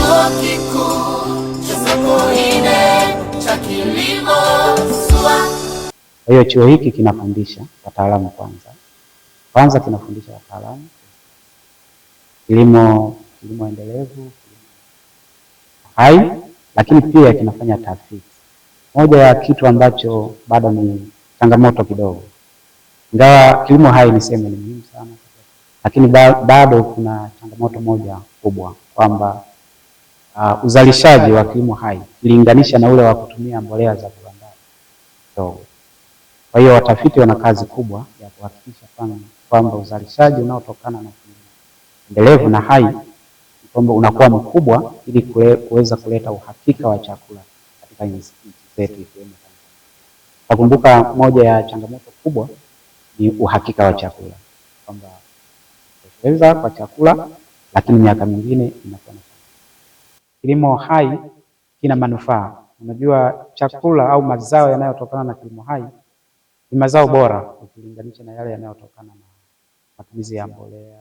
Chuo Kikuu cha Sokoine cha Kilimo SUA. Kwa hiyo chuo hiki kinafundisha wataalamu kwanza, kwanza kinafundisha wataalamu kilimo, kilimo endelevu, hai, lakini pia kinafanya tafiti. Moja ya kitu ambacho bado ni changamoto kidogo, ingawa kilimo hai niseme ni muhimu sana, lakini bado kuna changamoto moja kubwa kwamba uh, uzalishaji wa kilimo hai ilinganisha na ule wa kutumia mbolea za viwandani ndogo. Kwa hiyo watafiti wana kazi kubwa ya kuhakikisha kwamba uzalishaji unaotokana na kilimo endelevu na hai kwamba unakuwa mkubwa ili kuweza kuleta uhakika wa chakula katika nchi zetu ikiwemo Nakumbuka moja ya changamoto kubwa ni uhakika wa chakula, kwamba kutosheleza kwa chakula, lakini miaka mingine inakuwa kilimo hai kina manufaa. Unajua, chakula au mazao yanayotokana na kilimo hai ni mazao bora ukilinganisha na yale yanayotokana na matumizi ya mbolea,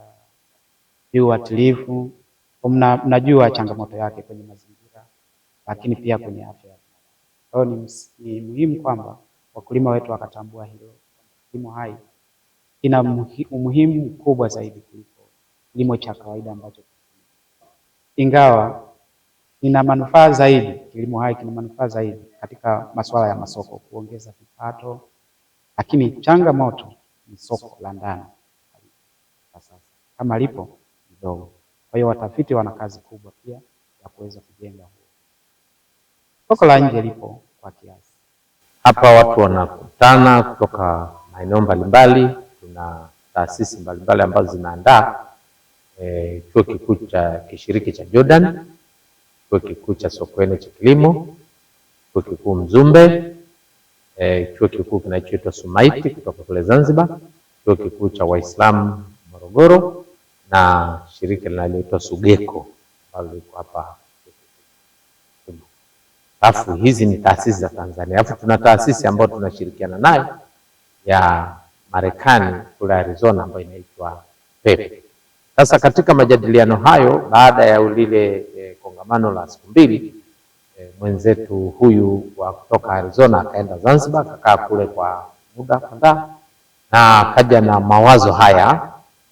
jua tilivu. Mnajua changamoto yake kwenye mazingira, lakini pia kwenye afya. Kwa hiyo ni muhimu kwamba wakulima wetu wakatambua hilo, kilimo hai kina umuhimu mkubwa zaidi kuliko kilimo cha kawaida ambacho, ingawa ina manufaa zaidi. Kilimo hai kina manufaa zaidi katika masuala ya masoko, kuongeza kipato, lakini changamoto ni soko la ndani kama lipo kidogo. Kwa hiyo watafiti wana kazi kubwa pia ya kuweza kujenga huo. Soko la nje lipo kwa kiasi. Hapa watu wanakutana kutoka maeneo mbalimbali. Kuna taasisi mbalimbali ambazo zinaandaa eh, chuo kikuu cha kishiriki cha Jordan Chuo Kikuu cha Sokoine cha Kilimo, Chuo Kikuu Mzumbe, e, Chuo Kikuu kinachoitwa Sumaiti kutoka kule Zanzibar, Chuo Kikuu cha Waislamu Morogoro na shirika linaloitwa Sugeko ambalo liko hapa. Alafu hizi ni taasisi za Tanzania, alafu tuna taasisi ambayo tunashirikiana nayo ya Marekani kule Arizona ambayo inaitwa PEP. Sasa katika majadiliano hayo, baada ya lile e, kongamano la siku mbili e, mwenzetu huyu wa kutoka Arizona akaenda Zanzibar, akakaa kule kwa muda kadhaa, na akaja na mawazo haya.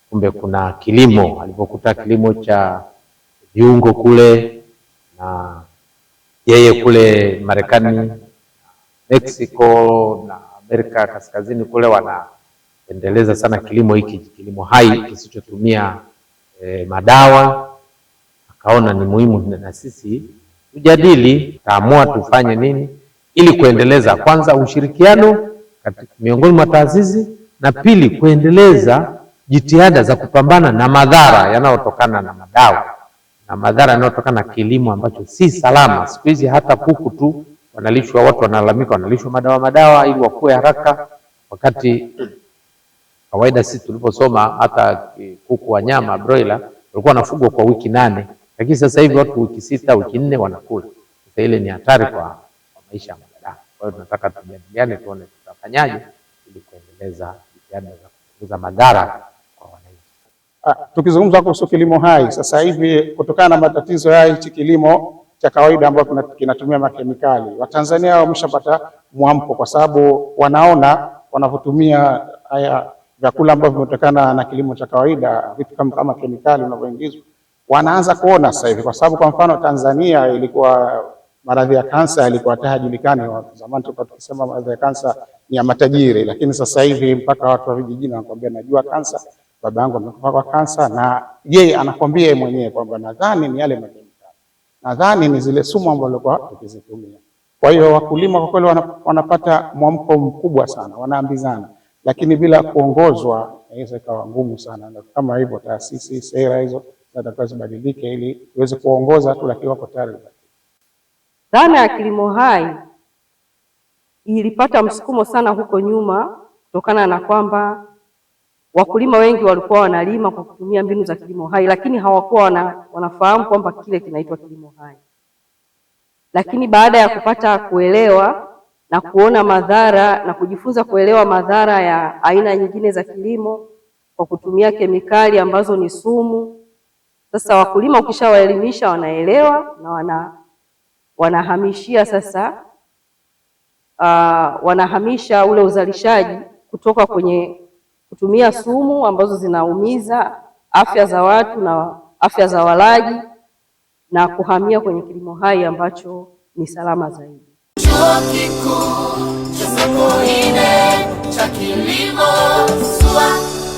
Kumbe kuna kilimo, alipokuta kilimo cha viungo kule na yeye kule Marekani, Mexico na Amerika Kaskazini kule wanaendeleza sana kilimo hiki, kilimo hai kisichotumia e, madawa, akaona ni muhimu na sisi tujadili, taamua tufanye nini ili kuendeleza kwanza ushirikiano miongoni mwa taasisi na pili kuendeleza jitihada za kupambana na madhara yanayotokana na madawa na madhara yanayotokana na kilimo ambacho si salama. Siku hizi hata kuku tu wanalishwa, watu wanalalamika wanalishwa madawa madawa ili wakue haraka, wakati Kawaida sisi tuliposoma hata kuku wa nyama broiler walikuwa wanafugwa kwa wiki nane, lakini sasa hivi watu wiki sita, wiki nne wanakula. Sasa ile ni hatari kwa maisha ya mwanadamu. Kwa hiyo tunataka tujadiliane, tuone tutafanyaje ili kuendeleza jitihada za kupunguza madhara kwa wananchi. Ah, tukizungumza kuhusu kilimo hai sasa hivi kutokana na matatizo ya hichi kilimo cha kawaida ambayo kinatumia makemikali, Watanzania wameshapata mwamko kwa sababu wanaona wanavyotumia haya vyakula ambavyo vimetokana na kilimo cha kawaida, vitu kama kama kemikali vinavyoingizwa, wanaanza kuona sasa hivi, kwa sababu kwa mfano Tanzania ilikuwa maradhi ya kansa yalikuwa hayajulikani zamani. Tulikuwa tukisema maradhi ya kansa ni ya matajiri, lakini sasa hivi mpaka watu wa vijijini wanakuambia najua kansa, baba yangu amekufa kwa kansa, na yeye anakwambia yeye mwenyewe kwamba nadhani ni yale makemikali, nadhani ni zile sumu ambazo walikuwa tukizitumia. Kwa hiyo wakulima kwa kweli wanapata mwamko mkubwa sana, wanaambizana lakini bila kuongozwa inaweza ikawa ngumu sana. Kama hivyo taasisi, sera hizo zinatakiwa zibadilike ili iweze kuongoza tu, lakini wako tayari. Dhana ya kilimo hai ilipata msukumo sana huko nyuma kutokana na kwamba wakulima wengi walikuwa wanalima kwa kutumia mbinu za kilimo hai, lakini hawakuwa wana, wanafahamu kwamba kile kinaitwa kilimo hai. Lakini baada ya kupata kuelewa na kuona madhara na kujifunza kuelewa madhara ya aina nyingine za kilimo kwa kutumia kemikali ambazo ni sumu. Sasa wakulima ukishawaelimisha wanaelewa na wana, wanahamishia sasa uh, wanahamisha ule uzalishaji kutoka kwenye kutumia sumu ambazo zinaumiza afya za watu na afya za walaji na kuhamia kwenye kilimo hai ambacho ni salama zaidi. Chuo Kikuu cha Sokoine cha Kilimo SUA